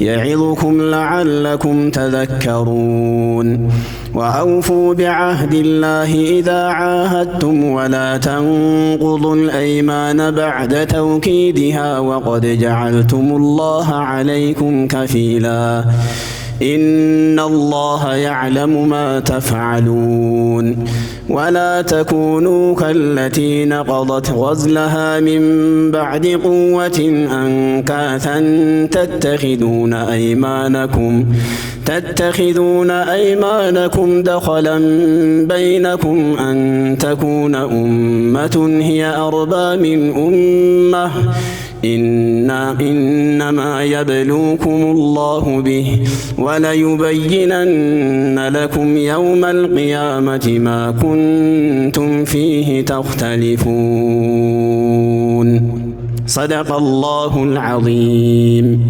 يعظكم لعلكم تذكرون وأوفوا بعهد الله إذا عاهدتم ولا تنقضوا الأيمان بعد توكيدها وقد جعلتم الله عليكم كفيلاً ان الله يعلم ما تفعلون ولا تكونوا كالتي نقضت غزلها من بعد قوه انكاثا تتخذون ايمانكم تتخذون ايمانكم دخلا بينكم ان تكون امه هي اربى من امه إنا إنما يبلوكم الله به وليبينن لكم يوم القيامة ما كنتم فيه تختلفون صدق الله العظيم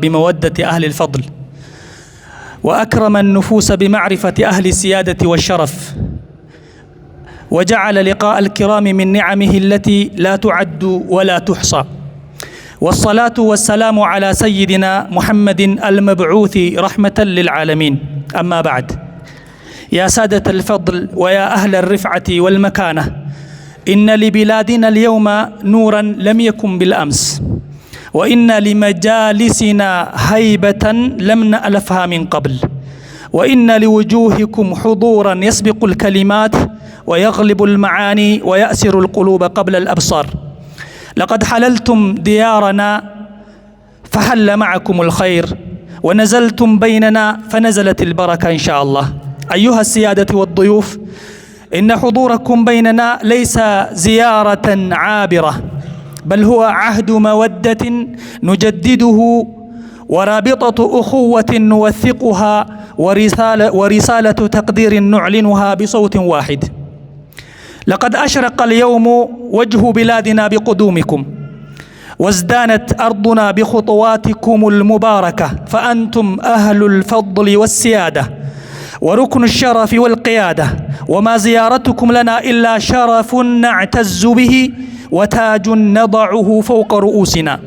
بمودة أهل الفضل وأكرم النفوس بمعرفة أهل السيادة والشرف وجعل لقاء الكرام من نعمه التي لا تعد ولا تحصى والصلاة والسلام على سيدنا محمد المبعوث رحمة للعالمين أما بعد يا سادة الفضل ويا أهل الرفعة والمكانة إن لبلادنا اليوم نورا لم يكن بالأمس وإن لمجالسنا هيبة لم نألفها من قبل وإن لوجوهكم حضورا يسبق الكلمات ويغلب المعاني ويأسر القلوب قبل الأبصار لقد حللتم ديارنا فحل معكم الخير ونزلتم بيننا فنزلت البركة إن شاء الله أيها السيادة والضيوف إن حضوركم بيننا ليس زيارة عابرة بل هو عهد مودة نجدده ورابطة أخوة نوثقها ورسالة, ورسالة تقدير نعلنها بصوت واحد لقد أشرق اليوم وجه بلادنا بقدومكم وازدانت أرضنا بخطواتكم المباركة فأنتم أهل الفضل والسيادة وركن الشرف والقيادة وما زيارتكم لنا إلا شرف نعتز به وتاج نضعه فوق رؤوسنا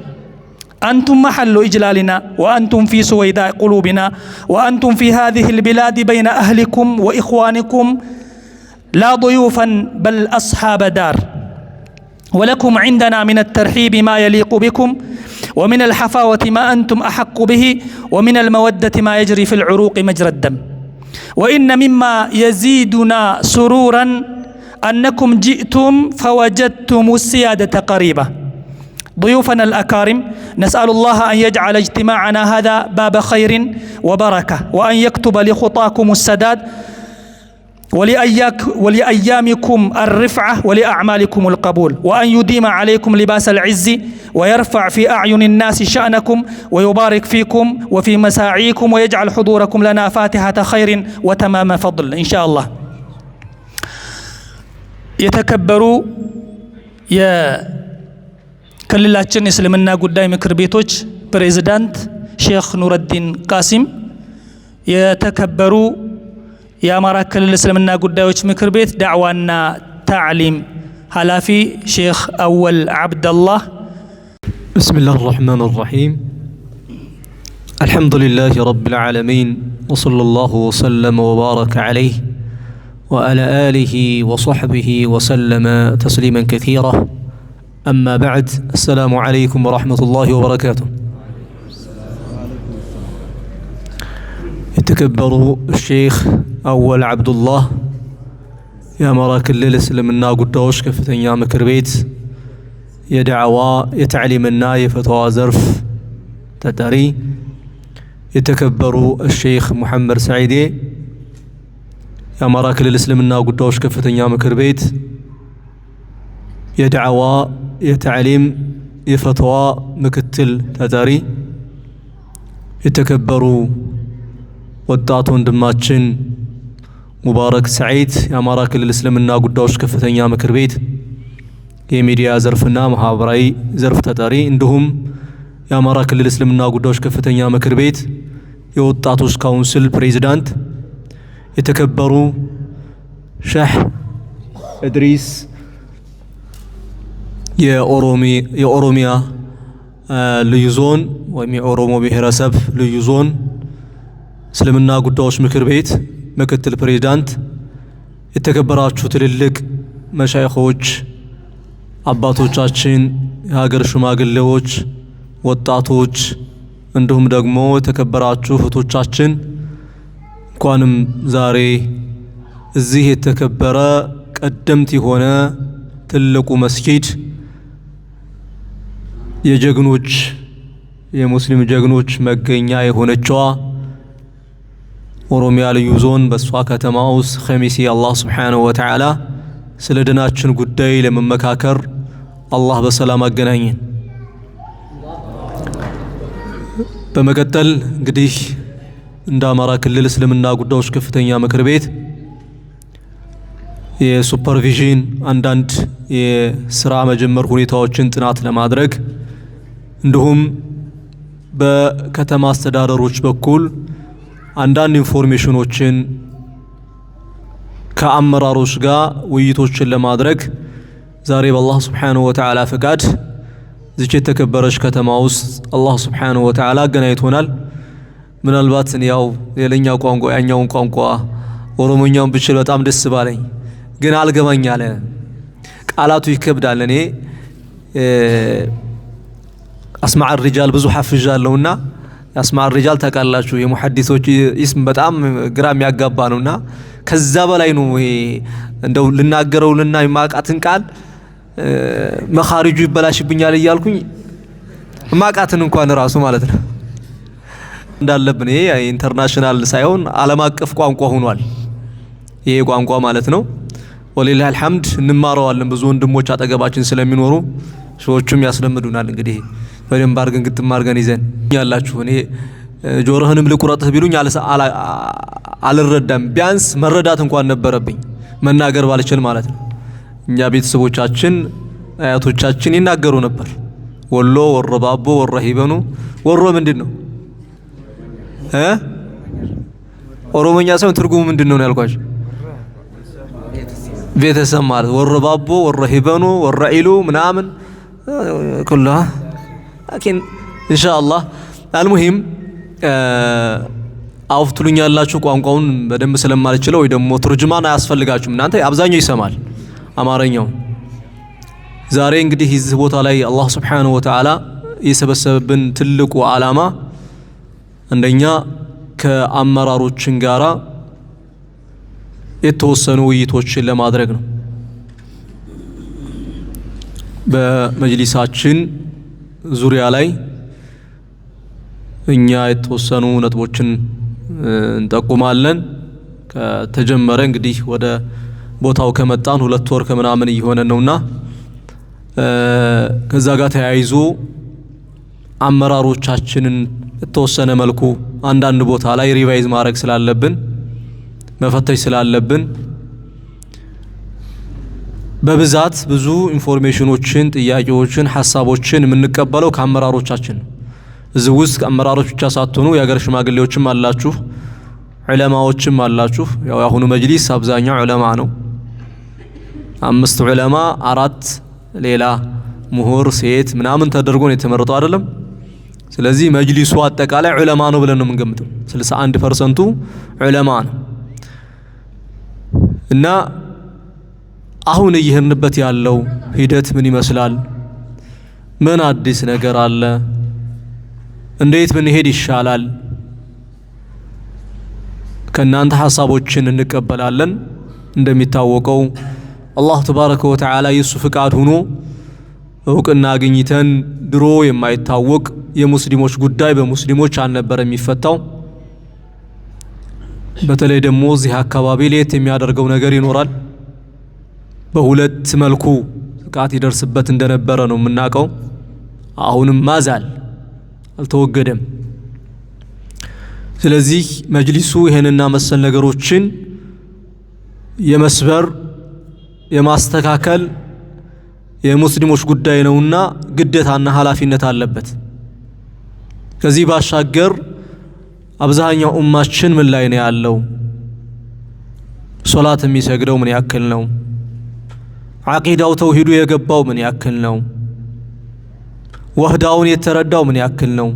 أنتم محل إجلالنا وأنتم في سويداء قلوبنا وأنتم في هذه البلاد بين أهلكم وإخوانكم لا ضيوفا بل أصحاب دار ولكم عندنا من الترحيب ما يليق بكم ومن الحفاوة ما أنتم أحق به ومن المودة ما يجري في العروق مجرى الدم وإن مما يزيدنا سرورا أنكم جئتم فوجدتم السيادة قريبة ضيوفنا الأكارم نسأل الله أن يجعل اجتماعنا هذا باب خير وبركة وأن يكتب لخطاكم السداد ولأياك ولأيامكم الرفعة ولأعمالكم القبول وأن يديم عليكم لباس العز ويرفع في أعين الناس شأنكم ويبارك فيكم وفي مساعيكم ويجعل حضوركم لنا فاتحة خير وتمام فضل إن شاء الله يتكبروا يا የተከበሩ የክልላችን የእስልምና ጉዳይ كربيتوش بريزدانت شيخ نور الدين قاسم يتكبروا يا የአማራ ክልል እስልምና ጉዳዮች ምክር ቤት ዳዕዋና ታዕሊም شيخ أول عبد الله بسم الله الرحمن الرحيم الحمد لله رب العالمين وصلى الله وسلم وبارك عليه وعلى آله وصحبه وسلم تسليما كثيرا أما بعد السلام عليكم ورحمة الله وبركاته تكبروا الشيخ أول عبد الله يا مراك الليل سلم قدوش كفتن يا مكربيت يا دعواء يا تعليم النايف زرف تتري يتكبروا الشيخ محمد سعيدي يا مراك الليل سلم قدوش كفتن يا مكربيت يا دعواء يا تعليم يا مكتل تتري يتكبروا ወጣት ወንድማችን ሙባረክ ሰዒድ የአማራ ክልል እስልምና ጉዳዮች ከፍተኛ ምክር ቤት የሚዲያ ዘርፍና ማህበራዊ ዘርፍ ተጠሪ እንዲሁም የአማራ ክልል እስልምና ጉዳዮች ከፍተኛ ምክር ቤት የወጣቶች ካውንስል ፕሬዚዳንት የተከበሩ ሸህ እድሪስ የኦሮሚያ ልዩ ዞን ወይም የኦሮሞ ብሔረሰብ ልዩ ዞን እስልምና ጉዳዮች ምክር ቤት ምክትል ፕሬዚዳንት፣ የተከበራችሁ ትልልቅ መሻይኾች፣ አባቶቻችን፣ የሀገር ሽማግሌዎች፣ ወጣቶች እንዲሁም ደግሞ የተከበራችሁ እህቶቻችን እንኳንም ዛሬ እዚህ የተከበረ ቀደምት የሆነ ትልቁ መስጊድ የጀግኖች የሙስሊም ጀግኖች መገኛ የሆነችዋ ኦሮሚያ ልዩ ዞን በእሷ ከተማ ውስጥ ኸሚሴ አላህ ስብሓንሁ ወተዓላ ስለ ድናችን ጉዳይ ለመመካከር አላህ በሰላም አገናኘን። በመቀጠል እንግዲህ እንደ አማራ ክልል እስልምና ጉዳዮች ከፍተኛ ምክር ቤት የሱፐርቪዥን አንዳንድ የስራ መጀመር ሁኔታዎችን ጥናት ለማድረግ እንዲሁም በከተማ አስተዳደሮች በኩል አንዳንድ ኢንፎርሜሽኖችን ከአመራሮች ጋር ውይይቶችን ለማድረግ ዛሬ በአላህ ስብሓንሁ ወተዓላ ፈቃድ ዝች የተከበረች ከተማ ውስጥ አላህ ስብሓንሁ ወተዓላ አገናኝቶናል። ምናልባት ያው ሌላኛ ቋንቋ ያኛውን ቋንቋ ኦሮሞኛውን ብችል በጣም ደስ ባለኝ፣ ግን አልገባኛለ ቃላቱ ይከብዳል። እኔ አስማዕ ሪጃል ብዙ ሐፍዣ አለውና አስማር ሪጃል ታውቃላችሁ፣ የሙሐዲሶች ኢስም በጣም ግራ የሚያጋባ ነውና ከዛ በላይ ነው። ይሄ እንደው ልናገረውና የማቃትን ቃል መኻሪጁ ይበላሽብኛል እያልኩኝ ማቃትን እንኳን ራሱ ማለት ነው እንዳለብን ይሄ ኢንተርናሽናል ሳይሆን ዓለም አቀፍ ቋንቋ ሆኗል። ይሄ ቋንቋ ማለት ነው። ወሊላህ አልሐምድ እንማረዋለን። ብዙ ወንድሞች አጠገባችን ስለሚኖሩ ሰዎቹም ያስለምዱናል እንግዲህ በደንብ አድርገን ግጥም አድርገን ይዘን ያላችሁ እኔ ጆሮህንም ልቁረጥህ ቢሉኝ አልረዳም። ቢያንስ መረዳት እንኳን ነበረብኝ መናገር ባልችል ማለት ነው። እኛ ቤተሰቦቻችን አያቶቻችን ይናገሩ ነበር። ወሎ ወሮ ባቦ ወሮ ሂበኑ ወሮ ምንድን ነው እ ኦሮሞኛ ሰው ትርጉሙ ምንድን ነው ያልኳቸው ቤተሰብ ማለት ወሮ ባቦ ወሮ ሂበኑ ወሮ ኢሉ ምናምን ኩላ ላኪን ኢንሻአላህ አልሙሂም አውፍ ትሉኛላችሁ። ቋንቋውን በደንብ ስለማልችለው ወይ ደግሞ ትርጅማን አያስፈልጋችሁም። እናንተ አብዛኛው ይሰማል አማርኛው። ዛሬ እንግዲህ እዚህ ቦታ ላይ አላህ ሱብሓነሁ ወተዓላ የሰበሰበብን ትልቁ ዓላማ አንደኛ ከአመራሮችን ጋራ የተወሰኑ ውይይቶችን ለማድረግ ነው በመጅሊሳችን ዙሪያ ላይ እኛ የተወሰኑ ነጥቦችን እንጠቁማለን። ከተጀመረ እንግዲህ ወደ ቦታው ከመጣን ሁለት ወር ከምናምን እየሆነ ነውና ከዛ ጋር ተያይዞ አመራሮቻችንን የተወሰነ መልኩ አንዳንድ ቦታ ላይ ሪቫይዝ ማድረግ ስላለብን መፈተሽ ስላለብን በብዛት ብዙ ኢንፎርሜሽኖችን፣ ጥያቄዎችን፣ ሀሳቦችን የምንቀበለው ከአመራሮቻችን እዚህ ውስጥ አመራሮች ብቻ ሳትሆኑ የሀገር ሽማግሌዎችም አላችሁ፣ ዑለማዎችም አላችሁ። ያው የአሁኑ መጅሊስ አብዛኛው ዑለማ ነው። አምስት ዑለማ፣ አራት ሌላ ምሁር ሴት ምናምን ተደርጎ ነው የተመረጠው አይደለም። ስለዚህ መጅሊሱ አጠቃላይ ዑለማ ነው ብለን ነው የምንገምተው። 61 ፐርሰንቱ ዑለማ ነው እና አሁን እየሄድንበት ያለው ሂደት ምን ይመስላል? ምን አዲስ ነገር አለ? እንዴት ብንሄድ ይሻላል? ከእናንተ ሐሳቦችን እንቀበላለን። እንደሚታወቀው አላህ ተባረከ ወተዓላ የእሱ ፍቃድ ሆኖ እውቅና አግኝተን ድሮ የማይታወቅ የሙስሊሞች ጉዳይ በሙስሊሞች አልነበረ የሚፈታው። በተለይ ደግሞ እዚህ አካባቢ ለየት የሚያደርገው ነገር ይኖራል። በሁለት መልኩ ጥቃት ይደርስበት እንደነበረ ነው የምናውቀው። አሁንም ማዛል አልተወገደም። ስለዚህ መጅሊሱ ይህንና መሰል ነገሮችን የመስበር የማስተካከል የሙስሊሞች ጉዳይ ነውና ግዴታና ኃላፊነት አለበት። ከዚህ ባሻገር አብዛኛው ኡማችን ምን ላይ ነው ያለው? ሶላት የሚሰግደው ምን ያክል ነው? ዓቂዳው ተውሂዱ የገባው ምን ያክል ነው? ወህዳውን የተረዳው ምን ያክል ነው?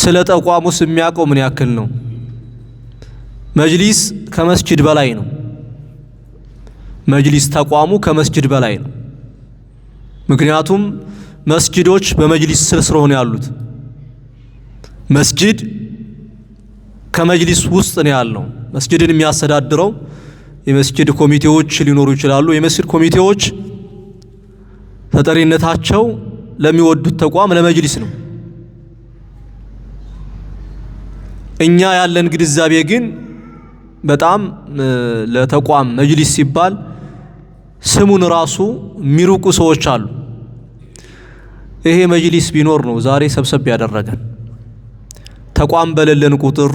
ስለ ተቋሙስ የሚያውቀው ምን ያክል ነው? መጅሊስ ከመስጅድ በላይ ነው። መጅሊስ ተቋሙ ከመስጅድ በላይ ነው። ምክንያቱም መስጅዶች በመጅሊስ ስር ስለሆነ ያሉት መስጅድ ከመጅሊስ ውስጥ ነው ያለው። መስጅድን የሚያስተዳድረው የመስጅድ ኮሚቴዎች ሊኖሩ ይችላሉ። የመስጅድ ኮሚቴዎች ተጠሪነታቸው ለሚወዱት ተቋም ለመጅሊስ ነው። እኛ ያለን ግንዛቤ ግን በጣም ለተቋም መጅሊስ ሲባል ስሙን ራሱ የሚሩቁ ሰዎች አሉ። ይሄ መጅሊስ ቢኖር ነው ዛሬ ሰብሰብ ያደረገን። ተቋም በሌለን ቁጥር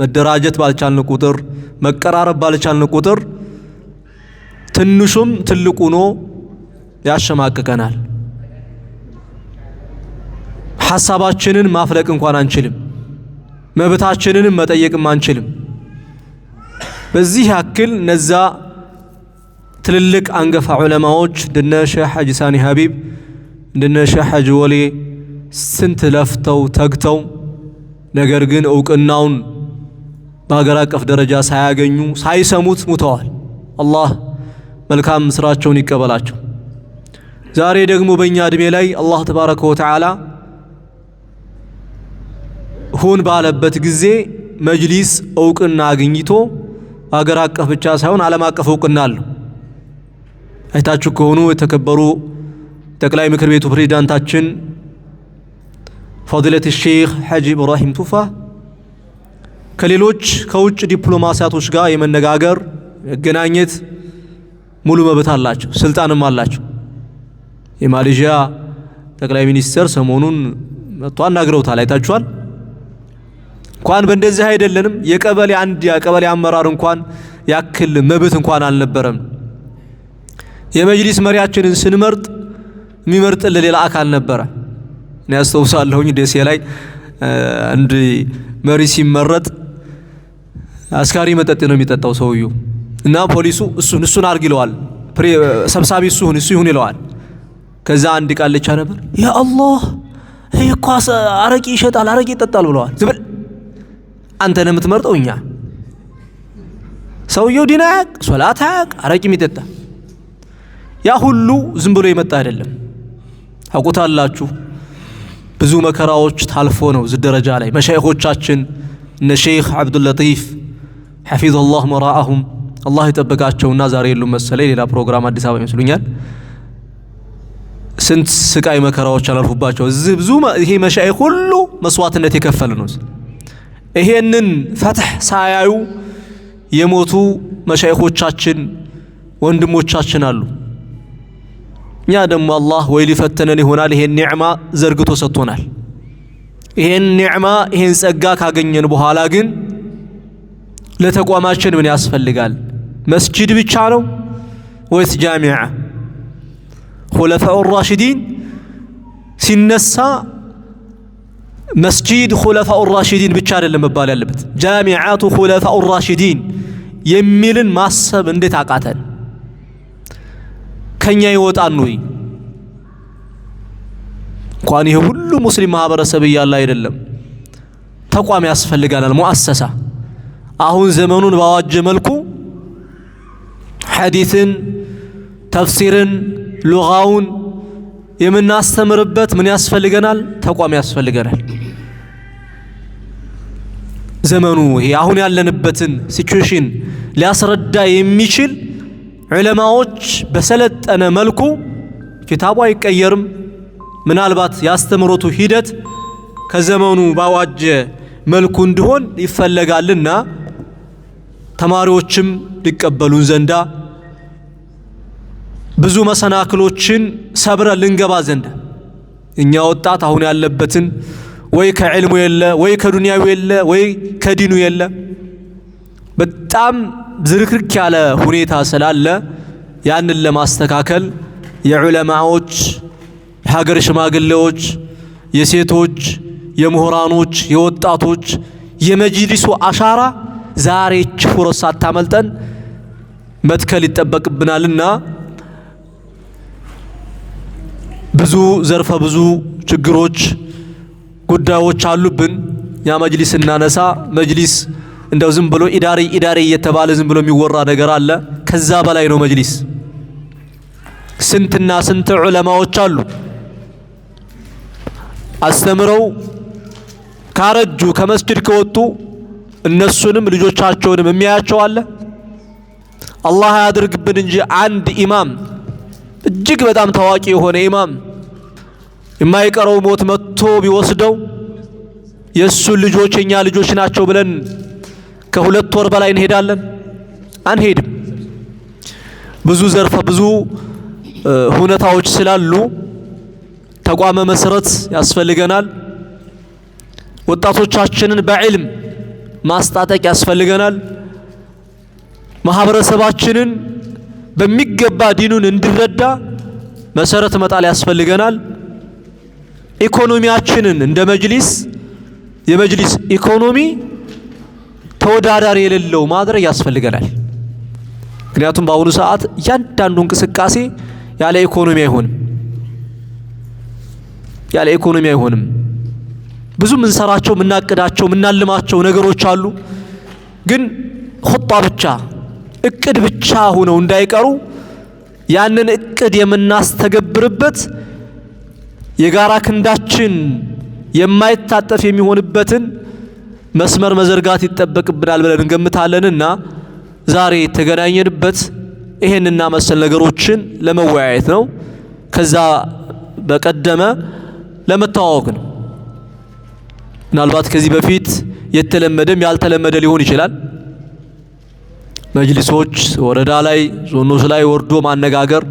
መደራጀት ባልቻልን ቁጥር መቀራረብ ባልቻልን ቁጥር ትንሹም ትልቁ ሆኖ ያሸማቅቀናል። ሐሳባችንን ማፍለቅ እንኳን አንችልም። መብታችንንም መጠየቅም አንችልም። በዚህ ያክል እነዛ ትልልቅ አንገፋ ዑለማዎች እንደነ ሼህ ሐጂ ሳኒ ሀቢብ እንደነ ሼህ ሐጂ ወሌ ስንት ለፍተው ተግተው ነገር ግን እውቅናውን በሀገር አቀፍ ደረጃ ሳያገኙ ሳይሰሙት ሙተዋል። አላህ መልካም ስራቸውን ይቀበላቸው። ዛሬ ደግሞ በእኛ እድሜ ላይ አላህ ተባረከ ወተዓላ ሁን ባለበት ጊዜ መጅሊስ እውቅና አግኝቶ በሀገር አቀፍ ብቻ ሳይሆን ዓለም አቀፍ እውቅና አለው። አይታችሁ ከሆኑ የተከበሩ ጠቅላይ ምክር ቤቱ ፕሬዚዳንታችን ፈዲለት ሼክ ሐጂ ኢብራሂም ቱፋ ከሌሎች ከውጭ ዲፕሎማሲያቶች ጋር የመነጋገር መገናኘት ሙሉ መብት አላቸው፣ ስልጣንም አላቸው። የማሌዥያ ጠቅላይ ሚኒስትር ሰሞኑን መጥቶ አናግረውታል፣ አይታችኋል። እንኳን በእንደዚህ አይደለንም የቀበሌ አንድ የቀበሌ አመራር እንኳን ያክል መብት እንኳን አልነበረም። የመጅሊስ መሪያችንን ስንመርጥ የሚመርጥልን ለሌላ አካል ነበረ። እኔ ያስታውሳለሁኝ ደሴ ላይ አንድ መሪ ሲመረጥ አስካሪ መጠጥ ነው የሚጠጣው ሰውዩ እና ፖሊሱ እሱን እሱን አርግ ይለዋል። ሰብሳቢ እሱን እሱ ይሁን ይለዋል። ከዛ አንድ ልቻ ነበር። ያ አላህ ይህ እኮ አረቂ ይሸጣል፣ አረቂ ይጠጣል ብለዋል። ዝብል አንተ ነው የምትመርጠው። እኛ ሰውየው ዲን አያቅ፣ ሶላት አያቅ፣ አረቂ የሚጠጣ ያ ሁሉ ዝም ብሎ የመጣ አይደለም። አውቁታላችሁ ብዙ መከራዎች ታልፎ ነው እዚህ ደረጃ ላይ መሻይኾቻችን እነ ሼክ አብዱል ለጢፍ ሐፊዝ አላህ ወራአሁም አላህ የጠበቃቸውና ዛሬ የሉም መሰለኝ። ሌላ ፕሮግራም አዲስ አበባ ይመስሉኛል። ስንት ስቃይ መከራዎች አላልፉባቸው እዚህ ብዙ ይሄ መሻይ ሁሉ መስዋዕትነት የከፈል ነው። ይሄንን ፈትሕ ሳያዩ የሞቱ መሻይኮቻችን ወንድሞቻችን አሉ። እኛ ደግሞ አላህ ወይ ሊፈተነን ይሆናል ይሄን ኒዕማ ዘርግቶ ሰጥቶናል። ይሄን ኒዕማ ይሄን ጸጋ ካገኘን በኋላ ግን ለተቋማችን ምን ያስፈልጋል? መስጂድ ብቻ ነው ወይስ ጃሚዓ? ሁለፋኡ ራሽዲን ሲነሳ መስጂድ ሁለፋኡ ራሽዲን ብቻ አይደለም መባል ያለበት፣ ጃሚዓቱ ሁለፋኡ ራሽዲን የሚልን ማሰብ እንዴት አቃተን? ከኛ ይወጣን ወይ? እንኳን ይሄ ሁሉ ሙስሊም ማህበረሰብ እያለ አይደለም ተቋም ያስፈልጋናል ሙአሰሳ አሁን ዘመኑን ባዋጀ መልኩ ሐዲስን፣ ተፍሲርን፣ ሉጋውን የምናስተምርበት ምን ያስፈልገናል? ተቋም ያስፈልገናል። ዘመኑ ይሄ አሁን ያለንበትን ሲቹዌሽን ሊያስረዳ የሚችል ዑለማዎች በሰለጠነ መልኩ ኪታቡ አይቀየርም። ምናልባት የአስተምሮቱ ሂደት ከዘመኑ ባዋጀ መልኩ እንዲሆን ይፈለጋልና ተማሪዎችም ሊቀበሉን ዘንዳ ብዙ መሰናክሎችን ሰብረ ልንገባ ዘንዳ እኛ ወጣት አሁን ያለበትን ወይ ከዕልሙ የለ ወይ ከዱንያው የለ ወይ ከዲኑ የለ በጣም ዝርክርክ ያለ ሁኔታ ስላለ ያንን ለማስተካከል የዑለማዎች፣ የሀገር ሽማግሌዎች፣ የሴቶች፣ የምሁራኖች፣ የወጣቶች የመጅሊሱ አሻራ ዛሬ ችሁሮት ሳታመልጠን መትከል ይጠበቅብናልና ብዙ ዘርፈ ብዙ ችግሮች፣ ጉዳዮች አሉብን። ያ መጅሊስ እናነሳ መጅሊስ እንደው ዝም ብሎ ኢዳሪ ኢዳሪ እየተባለ ዝም ብሎ የሚወራ ነገር አለ። ከዛ በላይ ነው መጅሊስ። ስንትና ስንት ዑለማዎች አሉ አስተምረው ካረጁ ከመስጅድ ከወጡ እነሱንም ልጆቻቸውንም የሚያያቸው አለ። አላህ ያድርግብን እንጂ አንድ ኢማም እጅግ በጣም ታዋቂ የሆነ ኢማም የማይቀረው ሞት መጥቶ ቢወስደው የእሱን ልጆች የኛ ልጆች ናቸው ብለን ከሁለት ወር በላይ እንሄዳለን? አንሄድም። ብዙ ዘርፈ ብዙ ሁነታዎች ስላሉ ተቋመ መሰረት ያስፈልገናል። ወጣቶቻችንን በዕልም ማስታጠቅ ያስፈልገናል። ማህበረሰባችንን በሚገባ ዲኑን እንዲረዳ መሰረት መጣል ያስፈልገናል። ኢኮኖሚያችንን እንደ መጅሊስ የመጅሊስ ኢኮኖሚ ተወዳዳሪ የሌለው ማድረግ ያስፈልገናል። ምክንያቱም በአሁኑ ሰዓት እያንዳንዱ እንቅስቃሴ ያለ ኢኮኖሚ አይሆንም፣ ያለ ኢኮኖሚ አይሆንም። ብዙ ምንሰራቸው ምናቅዳቸው ምናልማቸው ነገሮች አሉ። ግን ኹጣ ብቻ እቅድ ብቻ ሆነው እንዳይቀሩ ያንን እቅድ የምናስተገብርበት የጋራ ክንዳችን የማይታጠፍ የሚሆንበትን መስመር መዘርጋት ይጠበቅብናል ብለን እንገምታለንና ዛሬ የተገናኘንበት ይሄንና መሰል ነገሮችን ለመወያየት ነው። ከዛ በቀደመ ለመተዋወቅ ነው። ምናልባት ከዚህ በፊት የተለመደም ያልተለመደ ሊሆን ይችላል። መጅሊሶች ወረዳ ላይ ዞኖች ላይ ወርዶ ማነጋገር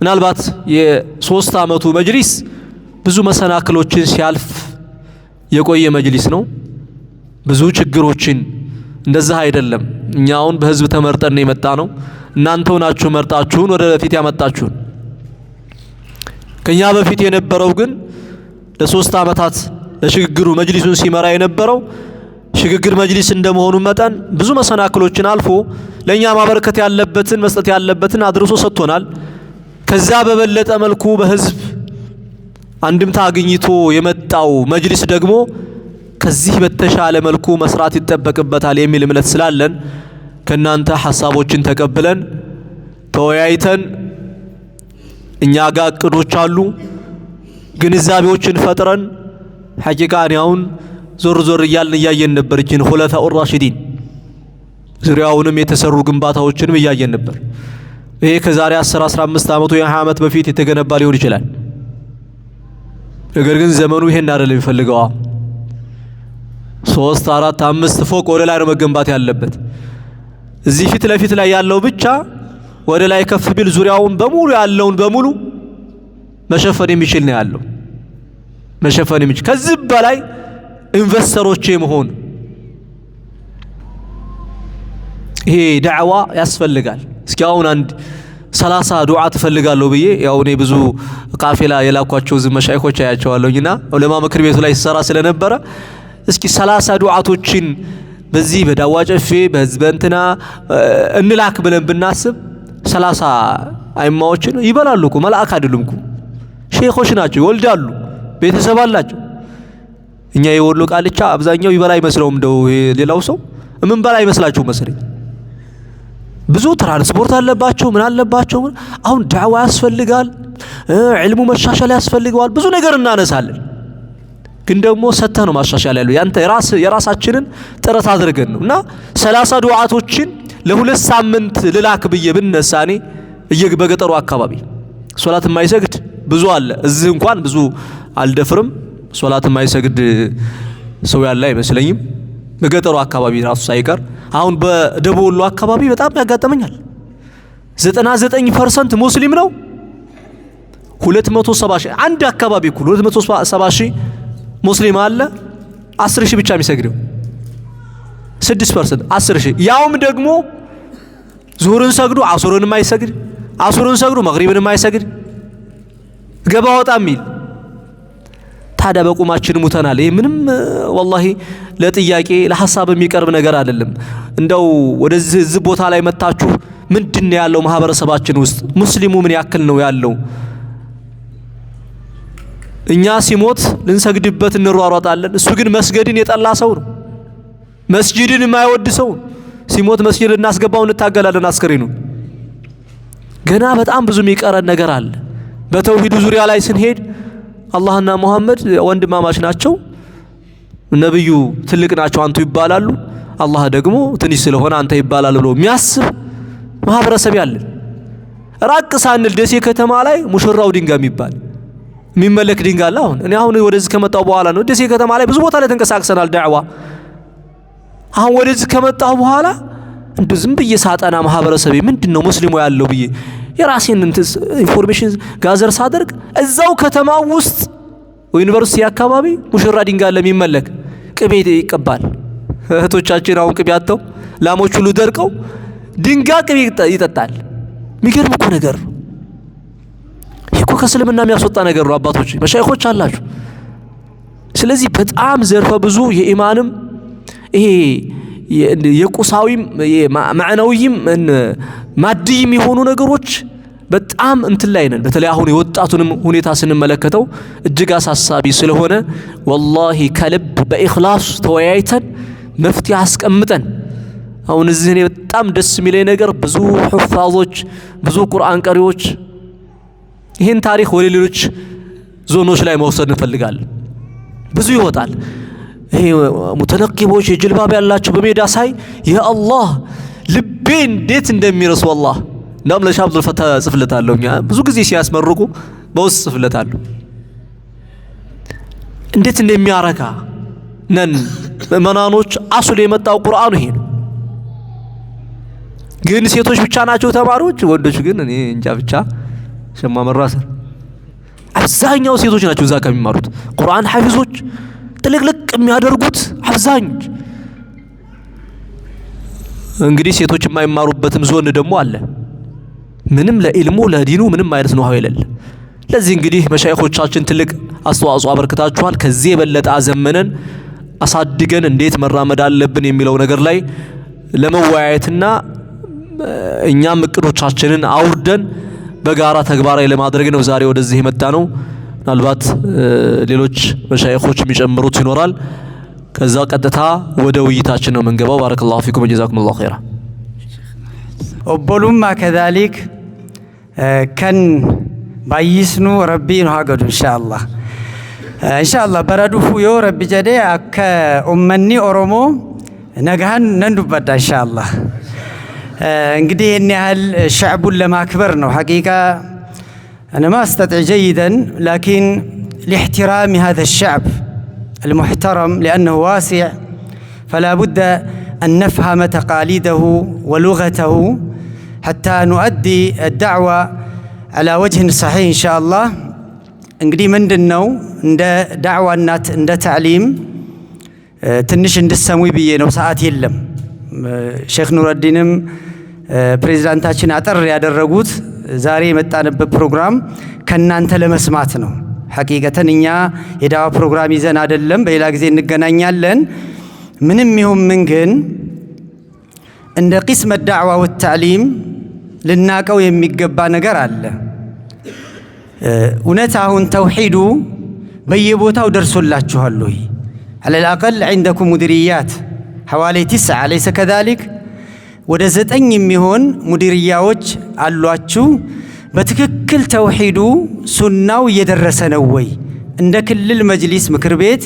ምናልባት የሶስት አመቱ መጅሊስ ብዙ መሰናክሎችን ሲያልፍ የቆየ መጅሊስ ነው። ብዙ ችግሮችን እንደዛ አይደለም። እኛ አሁን በህዝብ ተመርጠን የመጣ ነው። እናንተው ናችሁ መርጣችሁን ወደ በፊት ያመጣችሁን። ከእኛ በፊት የነበረው ግን ለሶስት ዓመታት ለሽግግሩ መጅሊሱን ሲመራ የነበረው ሽግግር መጅሊስ እንደመሆኑ መጠን ብዙ መሰናክሎችን አልፎ ለእኛ ማበረከት ያለበትን መስጠት ያለበትን አድርሶ ሰጥቶናል። ከዛ በበለጠ መልኩ በህዝብ አንድምታ አግኝቶ የመጣው መጅሊስ ደግሞ ከዚህ በተሻለ መልኩ መስራት ይጠበቅበታል የሚል እምነት ስላለን ከእናንተ ሐሳቦችን ተቀብለን ተወያይተን እኛ ጋር እቅዶች አሉ፣ ግንዛቤዎችን ፈጥረን ሐቂቃ እኔ አሁን ዞር ዞር እያልን እያየን ነበር እችን ሁለፋኡ ራሽዲን ዙሪያውንም የተሰሩ ግንባታዎችንም እያየን ነበር። ይሄ ከዛሬ 10 15 ዓመቱ የ20 ዓመት በፊት የተገነባ ሊሆን ይችላል። ነገር ግን ዘመኑ ይሄን አይደለም የሚፈልገዋ ሶስት አራት አምስት ፎቅ ወደ ላይ ነው መገንባት ያለበት። እዚህ ፊት ለፊት ላይ ያለው ብቻ ወደ ላይ ከፍ ቢል ዙሪያውን በሙሉ ያለውን በሙሉ መሸፈን የሚችል ነው ያለው። መሸፈን የሚችል ከዚህ በላይ ኢንቨስተሮች መሆን ይሄ ዳዕዋ ያስፈልጋል። እስኪ አሁን አንድ ሰላሳ ዱዓ ትፈልጋለሁ ብዬ ያው እኔ ብዙ ቃፊላ የላኳቸው ዝ መሻይኮች አያቸዋለሁኝና ዑለማ ምክር ቤቱ ላይ ሲሰራ ስለነበረ እስኪ ሰላሳ ዱዓቶችን በዚህ በዳዋ ጨፌ በህዝበ እንትና እንላክ ብለን ብናስብ ሰላሳ አይማዎችን ይበላሉ እኮ መልአክ አይደሉም እኮ ሼኾች ናቸው ይወልዳሉ። ቤተሰብ አላቸው። እኛ የወሎ ቃልቻ አብዛኛው ይበላ አይመስለውም። እንደው ሌላው ሰው ምን በላ አይመስላችሁ መሰለኝ። ብዙ ትራንስፖርት አለባቸው፣ ምን አለባቸው። አሁን ዳዕዋ ያስፈልጋል፣ ዕልሙ መሻሻል ያስፈልገዋል። ብዙ ነገር እናነሳለን፣ ግን ደግሞ ሰተህ ነው ማሻሻል ያለው ያንተ የራሳችንን ጥረት አድርገን ነው እና ሰላሳ ዱዓቶችን ለሁለት ሳምንት ልላክ ብዬ ብነሳ እኔ በገጠሩ አካባቢ ሶላት የማይሰግድ ብዙ አለ። እዚህ እንኳን ብዙ አልደፍርም። ሶላት የማይሰግድ ሰው ያለ አይመስለኝም። በገጠሩ አካባቢ ራሱ ሳይቀር አሁን በደቡብ ወሎ አካባቢ በጣም ያጋጠመኛል። 99 ፐርሰንት ሙስሊም ነው። 270 ሺህ አንድ አካባቢ እኩል 270 ሺህ ሙስሊም አለ። 10 ሺህ ብቻ የሚሰግደው 6 ፐርሰንት 10 ሺህ ያውም ደግሞ ዙሁርን ሰግዶ አሱርን የማይሰግድ አሱርን ሰግዶ መግሪብን የማይሰግድ ገባ ወጣ የሚል ታዲያ በቁማችን ሙተናል። ይህ ምንም ወላሂ ለጥያቄ ለሐሳብ የሚቀርብ ነገር አይደለም። እንደው ወደዚህ እዚህ ቦታ ላይ መታችሁ ምንድን ነው ያለው ማህበረሰባችን ውስጥ ሙስሊሙ ምን ያክል ነው ያለው? እኛ ሲሞት ልንሰግድበት እንሯሯጣለን። እሱ ግን መስገድን የጠላ ሰው ነው። መስጂድን የማይወድ ሰው ሲሞት መስጂድ እናስገባው እንታገላለን። አስከሬኑ ገና በጣም ብዙ የሚቀረን ነገር አለ። በተውሂዱ ዙሪያ ላይ ስንሄድ አላህና ሙሐመድ ወንድማማች ናቸው። ነብዩ ትልቅ ናቸው፣ አንቱ ይባላሉ። አላህ ደግሞ ትንሽ ስለሆነ አንተ ይባላል ብሎ የሚያስብ ማህበረሰብ ያለን ራቅ ሳንል ደሴ ከተማ ላይ ሙሽራው ድንጋይ የሚባል የሚመለክ ድንጋይ አለ። አሁን እኔ አሁን ወደዚህ ከመጣሁ በኋላ ነው። ደሴ ከተማ ላይ ብዙ ቦታ ላይ ተንቀሳቅሰናል። ዳዕዋ አሁን ወደዚህ ከመጣሁ በኋላ እንዱ ዝም ብዬ ሳጠና ማህበረሰብ ምንድን ነው ሙስሊሙ ያለው ብዬ የራሴን እንትን ኢንፎርሜሽን ጋዘር ሳደርግ እዛው ከተማ ውስጥ ዩኒቨርሲቲ አካባቢ ሙሽራ ድንጋይ ለሚመለክ ቅቤ ይቀባል። እህቶቻችን አሁን ቅቤ አጥተው ላሞች ሁሉ ደርቀው ድንጋይ ቅቤ ይጠጣል። የሚገርም እኮ ነገር ይህ እኮ ከእስልምና የሚያስወጣ ነገር ነው። አባቶች መሻይኮች አላችሁ። ስለዚህ በጣም ዘርፈ ብዙ የኢማንም ይሄ የቁሳዊም ማዕናዊም ማድይም የሆኑ ነገሮች በጣም እንትን ላይ ነን። በተለይ አሁን የወጣቱንም ሁኔታ ስንመለከተው እጅግ አሳሳቢ ስለሆነ ወላሂ ከልብ በኢኽላስ ተወያይተን መፍትሄ አስቀምጠን አሁን እዚህ እኔ በጣም ደስ የሚለኝ ነገር ብዙ ሑፋዞች፣ ብዙ ቁርአን ቀሪዎች ይህን ታሪክ ወደ ሌሎች ዞኖች ላይ መውሰድ እንፈልጋለን። ብዙ ይወጣል። ይሄ ሙተነቂቦች የጅልባብ ያላቸው በሜዳ ሳይ የአላህ ልቤ እንዴት እንደሚረሱ አላህ እንዳውም ለሻህ አብዱልፈታ ጽፍለታለሁ እኛ ብዙ ጊዜ ሲያስመርቁ በውስጥ ጽፍለታለሁ እንዴት እንደሚያረካ ነን ምእመናኖች አሱል የመጣው ቁርአኑ ይሄ ነው ግን ሴቶች ብቻ ናቸው ተማሪዎች ወንዶች ግን እኔ እንጃ ብቻ ሸማ መራሰር አብዛኛው ሴቶች ናቸው እዛ ከሚማሩት ቁርአን ሐፊዞች ትልቅልቅ የሚያደርጉት አብዛኞች። እንግዲህ ሴቶች የማይማሩበትም ዞን ደግሞ አለ። ምንም ለኢልሙ ለዲኑ ምንም አይነት ነው የሌለ። ለዚህ እንግዲህ መሻይኮቻችን ትልቅ አስተዋጽኦ አበርክታችኋል። ከዚህ የበለጠ አዘመነን አሳድገን እንዴት መራመድ አለብን የሚለው ነገር ላይ ለመወያየትና እኛም እቅዶቻችንን አውርደን በጋራ ተግባራዊ ለማድረግ ነው ዛሬ ወደዚህ የመጣ ነው። ምናልባት ሌሎች መሻይኾች የሚጨምሩት ይኖራል። ከዛ ቀጥታ ወደ ውይይታችን ነው የምንገባው። ባረከላሁ ፊኩም ወጀዛኩሙላሁ ኸይራ። ኦቦሉማ ከዛሊክ ከን ባይስኑ ረቢ ነው ሀገዱ እንሻአላ በረዱፉ ዮ ረቢ ጀዴ አከ ኡመኒ ኦሮሞ ነግሃን ነንዱበዳ እንሻአላ እንግዲህ ይህን ያህል ሸዕቡን ለማክበር ነው ሐቂቃ أنا ما أستطيع جيدا لكن لاحترام هذا الشعب المحترم لأنه واسع فلا بد أن نفهم تقاليده ولغته حتى نؤدي الدعوة على وجه صحيح إن شاء الله انقلي من دنو ندا دعوة نات ند تعليم أه، تنش ند السموي بيه نو ساعات يلم أه، شيخ نور الدينم أه، بريزانتاشن أتر رياد الرجوت ዛሬ የመጣንበት ፕሮግራም ከእናንተ ለመስማት ነው። ሐቂቀተን እኛ የዳዋ ፕሮግራም ይዘን አይደለም። በሌላ ጊዜ እንገናኛለን። ምንም ይሁን ምን ግን እንደ ቂስመ ዳዕዋ ወተዕሊም ልናቀው የሚገባ ነገር አለ። እውነት አሁን ተውሒዱ በየቦታው ደርሶላችኋል ወይ? አለልአቀል ዐንደኩም ሐዋሌ ትስዓ ለይሰ ከዛሊክ ወደ ዘጠኝ የሚሆን ሙዲርያዎች አሏችሁ። በትክክል ተውሂዱ ሱናው እየደረሰ ነው ወይ? እንደ ክልል መጅሊስ ምክር ቤት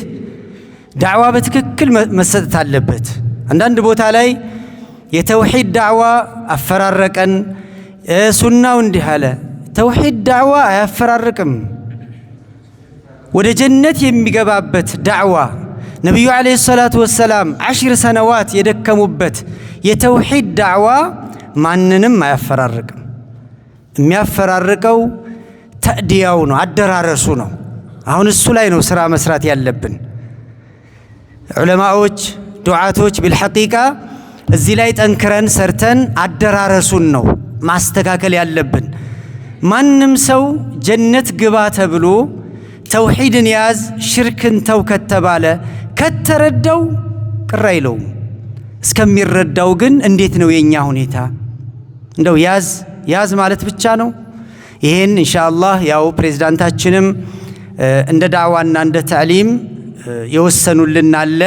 ዳዕዋ በትክክል መሰጠት አለበት። አንዳንድ ቦታ ላይ የተውሂድ ዳዕዋ አፈራረቀን፣ ሱናው እንዲህ አለ። ተውሂድ ዳዕዋ አያፈራርቅም። ወደ ጀነት የሚገባበት ዳዕዋ ነቢዩ ዓለይሂ ሰላቱ ወሰላም ዓሽር ሰነዋት የደከሙበት የተውሒድ ዳዕዋ ማንንም አያፈራርቅም። የሚያፈራርቀው ተዕድያው ነው፣ አደራረሱ ነው። አሁን እሱ ላይ ነው ስራ መስራት ያለብን። ዑለማዎች፣ ዱዓቶች ቢልሐቂቃ እዚህ ላይ ጠንክረን ሰርተን አደራረሱን ነው ማስተካከል ያለብን። ማንም ሰው ጀነት ግባ ተብሎ ተውሒድን ያዝ ሽርክን ተው ከተባለ ከተረዳው ቅር አይለውም። እስከሚረዳው ግን እንዴት ነው የእኛ ሁኔታ? እንደው ያዝ ያዝ ማለት ብቻ ነው። ይህን ኢንሻአላህ ያው ፕሬዝዳንታችንም እንደ ዳዕዋና እንደ ተዕሊም የወሰኑልን አለ።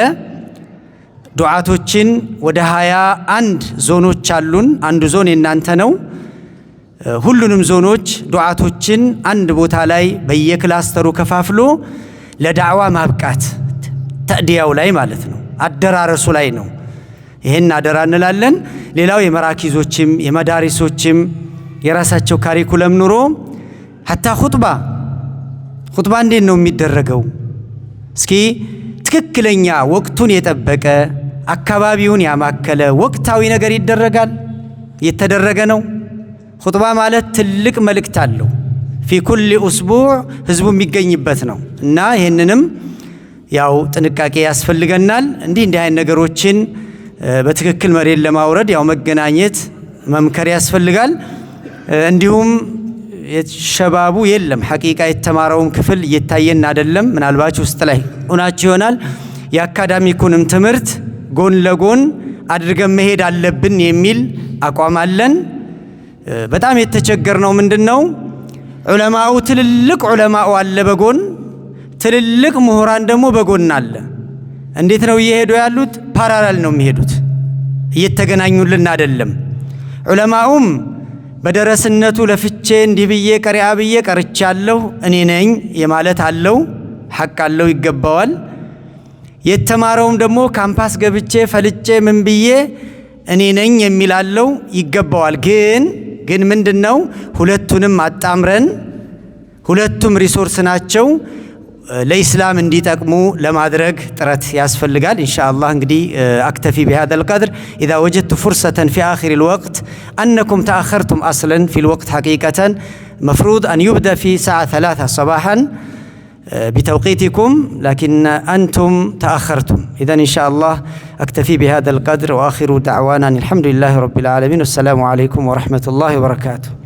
ዱዓቶችን ወደ ሀያ አንድ ዞኖች አሉን። አንዱ ዞን የእናንተ ነው። ሁሉንም ዞኖች ዱዓቶችን አንድ ቦታ ላይ በየክላስተሩ ከፋፍሎ ለዳዕዋ ማብቃት ተዕድያው ላይ ማለት ነው፣ አደራረሱ ላይ ነው። ይህን አደራ እንላለን። ሌላው የመራኪዞችም የመዳሪሶችም የራሳቸው ካሪኩለም ኑሮ ሀታ ሁጥባ ሁጥባ እንዴት ነው የሚደረገው? እስኪ ትክክለኛ ወቅቱን የጠበቀ አካባቢውን ያማከለ ወቅታዊ ነገር ይደረጋል። የተደረገ ነው። ሁጥባ ማለት ትልቅ መልእክት አለው። ፊ ኩል ኡስቡዕ ህዝቡ የሚገኝበት ነው እና ይህንንም ያው ጥንቃቄ ያስፈልገናል። እንዲህ እንዲህ አይነት ነገሮችን በትክክል መሬት ለማውረድ ያው መገናኘት መምከር ያስፈልጋል። እንዲሁም ሸባቡ የለም ሐቂቃ የተማረውም ክፍል እየታየን አይደለም። ምናልባች ውስጥ ላይ ሆናችሁ ይሆናል። የአካዳሚኩንም ትምህርት ጎን ለጎን አድርገን መሄድ አለብን የሚል አቋም አለን። በጣም የተቸገርነው ምንድን ነው ዑለማው ትልልቅ ዑለማው አለ በጎን ትልልቅ ምሁራን ደግሞ በጎን አለ። እንዴት ነው እየሄዱ ያሉት? ፓራላል ነው የሚሄዱት፣ እየተገናኙልን አይደለም። ዑለማውም በደረስነቱ ለፍቼ እንዲህ ብዬ ቀሪአ ብዬ ቀርቻለሁ እኔ ነኝ የማለት አለው፣ ሐቅ አለው፣ ይገባዋል። የተማረውም ደግሞ ካምፓስ ገብቼ ፈልጬ ምን ብዬ እኔ ነኝ የሚል አለው፣ ይገባዋል። ግን ግን ምንድን ነው ሁለቱንም አጣምረን ሁለቱም ሪሶርስ ናቸው أدرك ለኢስላም እንዲጠቅሙ قال إن شاء الله ندي أكتفي بهذا القدر اذا وجدت فرصة في آخر الوقت انكم تأخرتم اصلا في الوقت حقيقة مفروض ان يبدأ في ساعة ثلاثة صباحا بتوقيتكم لكن انتم تأخرتم اذا إن شاء الله اكتفي بهذا القدر واخر دعوانا الحمد لله رب العالمين والسلام عليكم ورحمة الله وبركاته